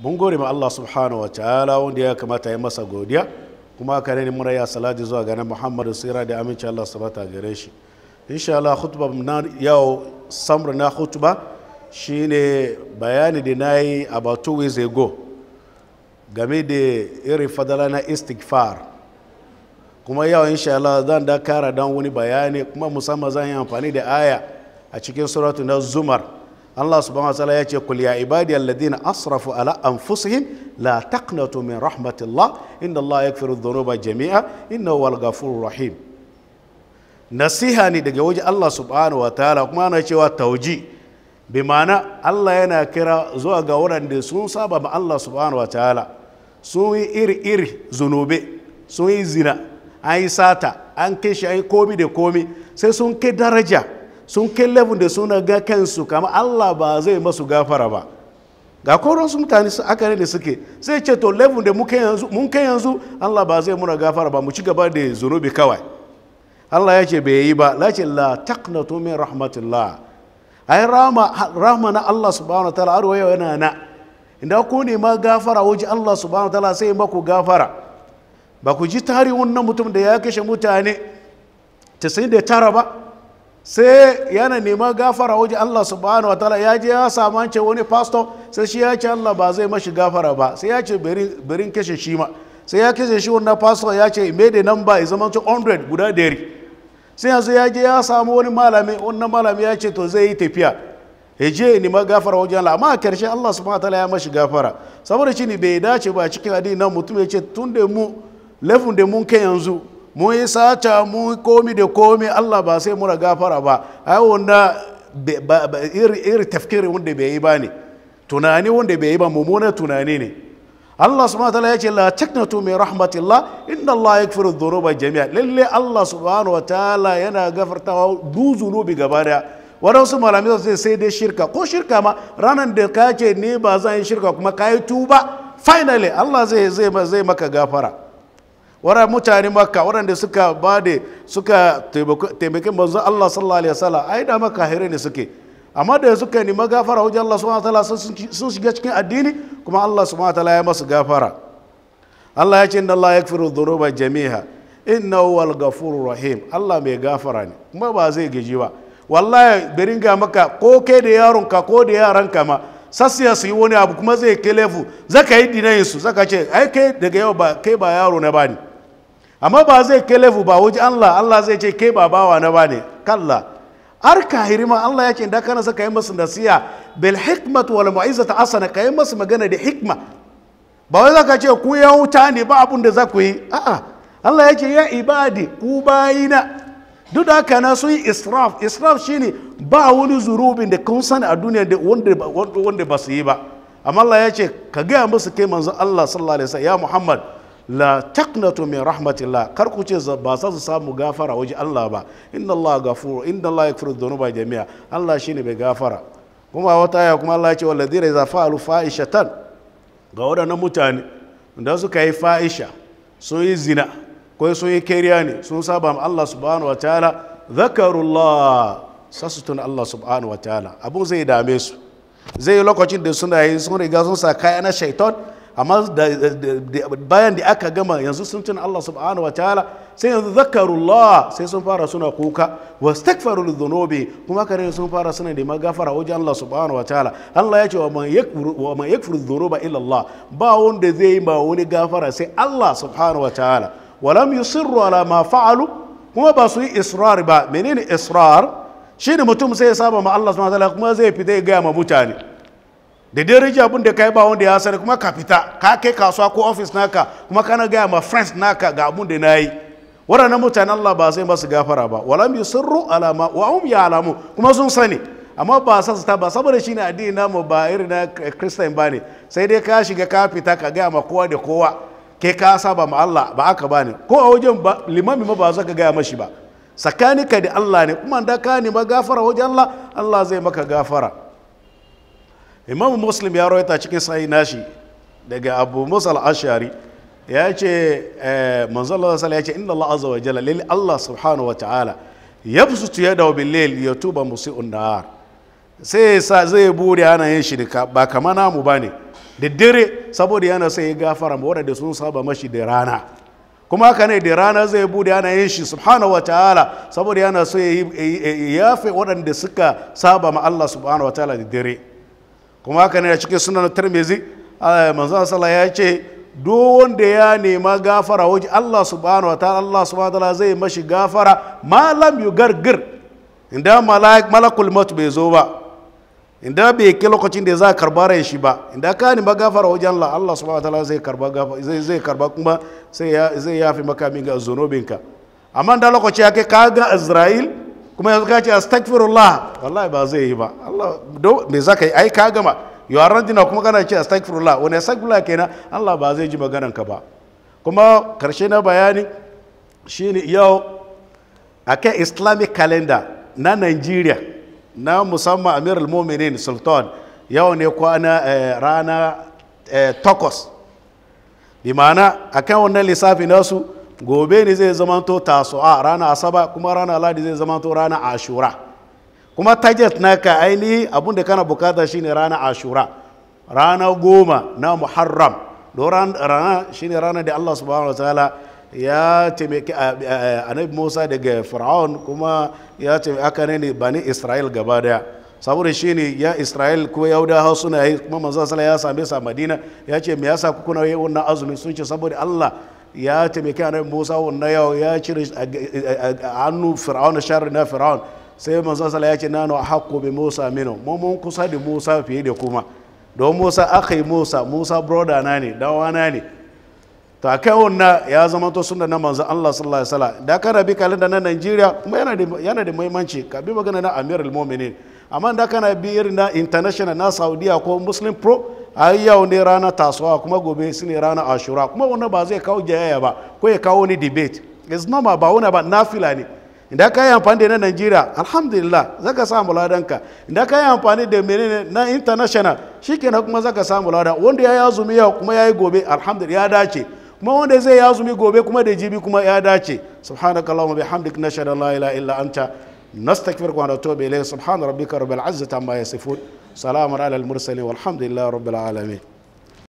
mun gode ma Allah subhanahu wa ta'ala wanda ya kamata ya masa godiya kuma aka nemi mura salati zuwa ganin Muhammadu sira da aminci Allah subhanahu gare shi insha Allah khutba na yau samr na khutba shine bayani da nayi about two weeks ago game da irin fadala na istighfar kuma yau insha Allah zan da kara dan wani bayani kuma musamman zan yi amfani da aya a cikin suratu na zumar Allah subhanahu wa ta'ala ya ce kul ya ibadi alladhina asrafu ala anfusihim la taqnatu min rahmatillah inna Allah yaghfiru dhunuba jami'a innahu wal ghafurur rahim nasiha ne daga waje Allah subhanahu wa ta'ala kuma ana cewa tauji bi ma'ana Allah yana kira zuwa ga waɗanda sun saba ma Allah subhanahu wa ta'ala sun yi iri-iri zunube sun yi zina an yi sata an kishi an yi komi da komi sai sun kai daraja sun kai labin da suna ga kansu kama allah ba zai masu gafara ba ga koron su mutane su aka ne da suke sai ce to labin da mun kai yanzu allah ba zai muna gafara ba mu ci gaba da zunubi kawai allah ya ce bai yi ba lakin la taqnatu min rahmatillah ai rama rahma na allah subhanahu wa ta'ala arwa yana na inda ku ne ma gafara waje allah subhanahu wa sai maku gafara ba ku ji tarihin wannan mutum da ya kashe mutane 99 ba sai yana neman gafara waje Allah subhanahu wa ta'ala ya je ya samu ce wani pastor sai shi ya ce Allah ba zai mashi gafara ba sai ya ce birin kashe shi ma sai ya kashe shi wannan pastor ya ce mai da nan ya zama 100 guda dari sai yanzu ya je ya samu wani malami wannan malami ya ce to zai yi tafiya ya je nema gafara wajen Allah amma a karshe Allah subhanahu wa ta'ala ya mashi gafara saboda shi ne bai dace ba cikin addini nan mutum ya ce tun da mu laifin da mun kai yanzu mu yi sata mu komi da komi Allah ba sai mura gafara ba ai wanda iri tafkiri wanda bai yi ba ne tunani wanda bai yi ba mummunar tunani ne Allah subhanahu wataala ya ce la taknatu min rahmatillah inna Allah yaghfiru dhunuba jami'a lalle Allah subhanahu wataala yana gafartawa du zunubi gaba daya wadansu malamai su sai dai shirka ko shirka ma ranar da ka ce ne ba zan yi shirka kuma ka yi tuba finally Allah zai zai maka gafara wara mutane maka waɗanda suka ba da suka taimake manzon Allah sallallahu alaihi wasallam ai da maka hire ne suke amma da suka nemi gafara wajen Allah subhanahu wataala sun shiga cikin addini kuma Allah subhanahu wataala ya masu gafara Allah ya ce inna Allah yaghfiru dhunuba jami'a inna wal ghafurur rahim Allah mai gafara ne kuma ba zai gaji ba wallahi beringa maka ko kai da yaronka ko da yaranka ma sassiya su yi wani abu kuma zai kelefu zaka yi dinayinsu su zaka ce ai kai daga yau ba kai ba yaro na bani amma ba zai kai laifu ba waje Allah Allah zai ce ke ba bawa na bane kalla har kahiri ma Allah ya ce da kana saka yi masu nasiya bil hikmat wal mu'izata asana kai masu magana da hikma ba wai zaka ce ku ya wuta ne ba abun da za yi a'a Allah ya ce ya ibadi ku bayina duk da kana su yi israf israf shine ba wani zurubin da kun sani a duniya wanda ba su yi ba amma Allah ya ce ka gaya musu kai manzo Allah sallallahu alaihi wasallam ya Muhammad la taqnatu min rahmatillah kar ku ce ba sa su samu gafara waje Allah ba inna Allah ghafur inna Allah yaghfiru dhunuba jami'a Allah shine bai gafara kuma wata aya kuma Allah ya ce walladheena idza fa'alu fa'ishatan ga wadannan mutane da suka yi fa'isha sun yi zina ko sun yi kariya ne sun saba ma Allah subhanahu wa ta'ala zakarullah sasutun Allah subhanahu wa ta'ala abun zai dame su zai yi lokacin da suna yi sun riga sun sa kaya na shaitan amma bayan da aka gama yanzu sun tuna Allah subhanahu wa ta'ala sai yanzu zakarullah sai sun fara suna kuka wa stakfaru dhunubi kuma kare sun fara suna neman gafara wajen Allah subhanahu wa ta'ala Allah ya ce wa man yakfuru wa man yakfuru dhunuba illa Allah ba wanda zai yi ba wani gafara sai Allah subhanahu wa ta'ala wa lam yusirru ala ma fa'alu kuma ba su yi israr ba menene israr shine mutum sai ya saba ma Allah subhanahu wa ta'ala kuma zai fita ya ga ma mutane da dai rage abin da kai ba wanda ya sani kuma ka fita ka kai kasuwa ko ofis naka kuma kana gaya ma friends naka ga abin da nayi yi waɗannan mutanen Allah ba zai masu gafara ba walam yusirru alama wa hum alamu kuma sun sani amma ba sa ta ba saboda shine addini namu ba irin na Christian ba sai dai ka shiga ka fita ka gaya ma kowa da kowa ke ka saba ma Allah ba aka bane ko a wajen limami ma ba za ka gaya mashi ba ka da Allah ne kuma da ka ma gafara wajen Allah Allah zai maka gafara imamu muslim ya rawaita cikin sai nashi daga abu musa al-ashari ya ce eh, manzon Allah sallallahu ya ce inna Allah azza wa jalla lil Allah subhanahu wa ta'ala yabsutu yadahu bil tuba yatuba musi'un nahar sai sa zai bude ana yin shi ba kama namu bane da dare saboda yana sai ya gafara ma wadanda sun saba mashi da rana kuma haka ne da rana zai bude ana yin shi subhanahu wa ta'ala saboda yana so ya yafe waɗanda suka saba ma Allah subhanahu wa ta'ala da dare kuma haka ne a cikin sunan tirmizi manzo sallah ya ce duk wanda ya nema gafara waje Allah subhanahu wa ta'ala Allah subhanahu wa ta'ala zai mashi gafara malam yu gargir inda malakul maut bai zo ba inda bai ke lokacin da za a karba rai shi ba inda ka nema gafara wajen Allah Allah subhanahu wa ta'ala zai karba zai zai karba kuma sai zai yafi maka min zunubinka amma da lokaci ya kai ka ga Isra'il kuma yanzu ka ce astaghfirullah wallahi ba zai yi ba Allah do me ka yi ai ka gama you are kuma kana ce astaghfirullah wani astaghfirullah kenan Allah ba zai ji maganan ka ba kuma karshe na bayani shine yau kai islamic calendar na Nigeria na musamman Amir al-Mu'minin Sultan yau ne kwana eh, rana eh, takwas bi ma'ana akan wannan lissafi nasu gobe ne zai zamanto tasu'a rana asaba kuma rana ladi zai zamanto rana ashura kuma target naka ainihi aini kana bukata shine rana ashura rana goma na muharram don rana shine rana da allah subhanahu wa ta'ala ya taimaki annabi musa daga fir'aun kuma ya taimaki aka ne bani isra'il gaba daya saboda shi ne ya isra'il ko yahudawa suna yi kuma manzon ya same sa madina ya ce me yasa kuna yi wannan azumi sun ce saboda allah ya taimaki annabi Musa wannan yau ya cire hannu fir'auna sharri na fir'aun sai manzon sallah ya ce nanu haqqu bi Musa minu mu mun kusa da Musa fiye da kuma don Musa akhi Musa Musa broda na ne dawa na ne to a kai wannan ya zama to sunna na manzon Allah sallallahu alaihi wasallam da kana bi kalanda na Najeriya kuma yana da yana da muhimmanci ka bi magana na Amirul Mu'minin amma da kana bi irin na international na Saudiya ko Muslim Pro a yau ne rana tasowa kuma gobe su ne rana ashura kuma wani ba zai kawo jayayya ba ko ya kawo ni debate it's normal ba wani ba nafila ne idan ka yi amfani da na Najeriya alhamdulillah zaka samu ladanka idan ka yi amfani da menene na international shikenan kuma zaka samu lada wanda ya yi azumi yau kuma ya yi gobe alhamdulillah ya dace kuma wanda zai yi azumi gobe kuma da jibi kuma ya dace subhanakallahumma bihamdik nashhadu an la ilaha illa anta nastaghfiruka wa natubu ilayk subhana rabbika rabbil izzati amma yasifun سلام على المرسلين والحمد لله رب العالمين